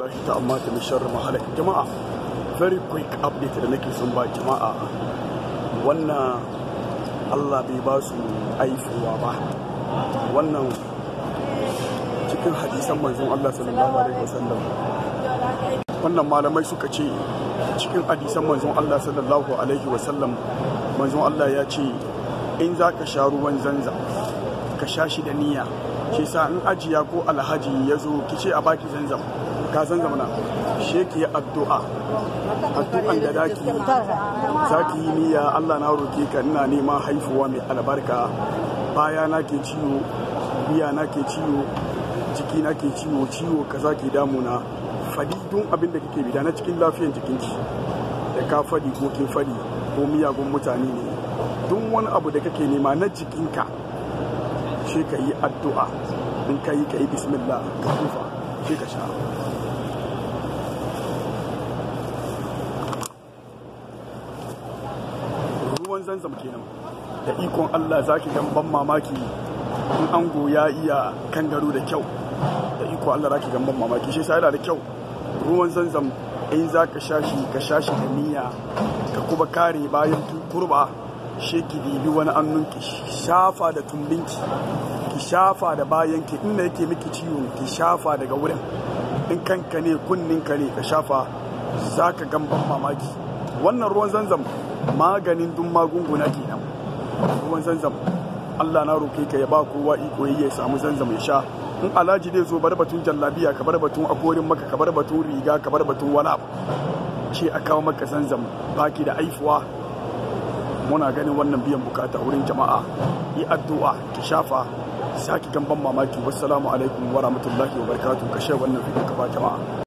Lahi ta amma ta mishar mahalak jama'a very quick update da nake son ba jama'a wannan Allah bai ba su aifuwa ba wannan cikin hadisan manzon Allah sallallahu alaihi wasallam wannan malamai suka ce cikin hadisan manzon Allah sallallahu alaihi wasallam manzon Allah ya ce in za ka sha ruwan zanza ka sha shi da niyya shi sa in ajiya ko alhaji ya zo ki ce a baki zanzam ka san zamana sheki addu'a addu'an da zaki zaki yi niyya Allah na roke ka ina neman haifuwa mai albarka baya na ke ciwo biya na ke ciwo jiki na ke ciwo ciwo kaza ke damuna fadi don abin da kake bida na cikin lafiyan ki da ka fadi ko kin fadi ko miyagun mutane ne duk wani abu da kake nema na jikinka shi ka yi addu'a in ka yi ka yi bismillah ka tufa shi ka sha ruwan zanzam kenan da ikon Allah za ki gan ban mamaki in ango ya iya kangaro da kyau da ikon Allah za ki gan ban mamaki shi sai da kyau ruwan zanzam in za ka sha ka sha da niyya ka kuma kare bayan kurba shi ki bibi wani annun ki shafa da tumbinki ki shafa da bayan ki inda yake miki ciwo ki shafa daga wurin in kanka ne kunninka ne ka shafa za ka gan mamaki wannan ruwan zanzam maganin duk magunguna kenan ruwan zanzam Allah na roke ka ya ba kowa iko ya samu zanzam ya sha in alhaji zai zo bar batun jallabiya ka bar batun akorin maka ka bar batun riga ka bar batun wani abu ce a kawo maka zanzam baki da aifuwa muna ganin wannan biyan bukata wurin jama'a yi addu'a ki shafa saki gamban mamaki wassalamu alaikum wa rahmatullahi wa barakatuh ka share wannan video ka ba jama'a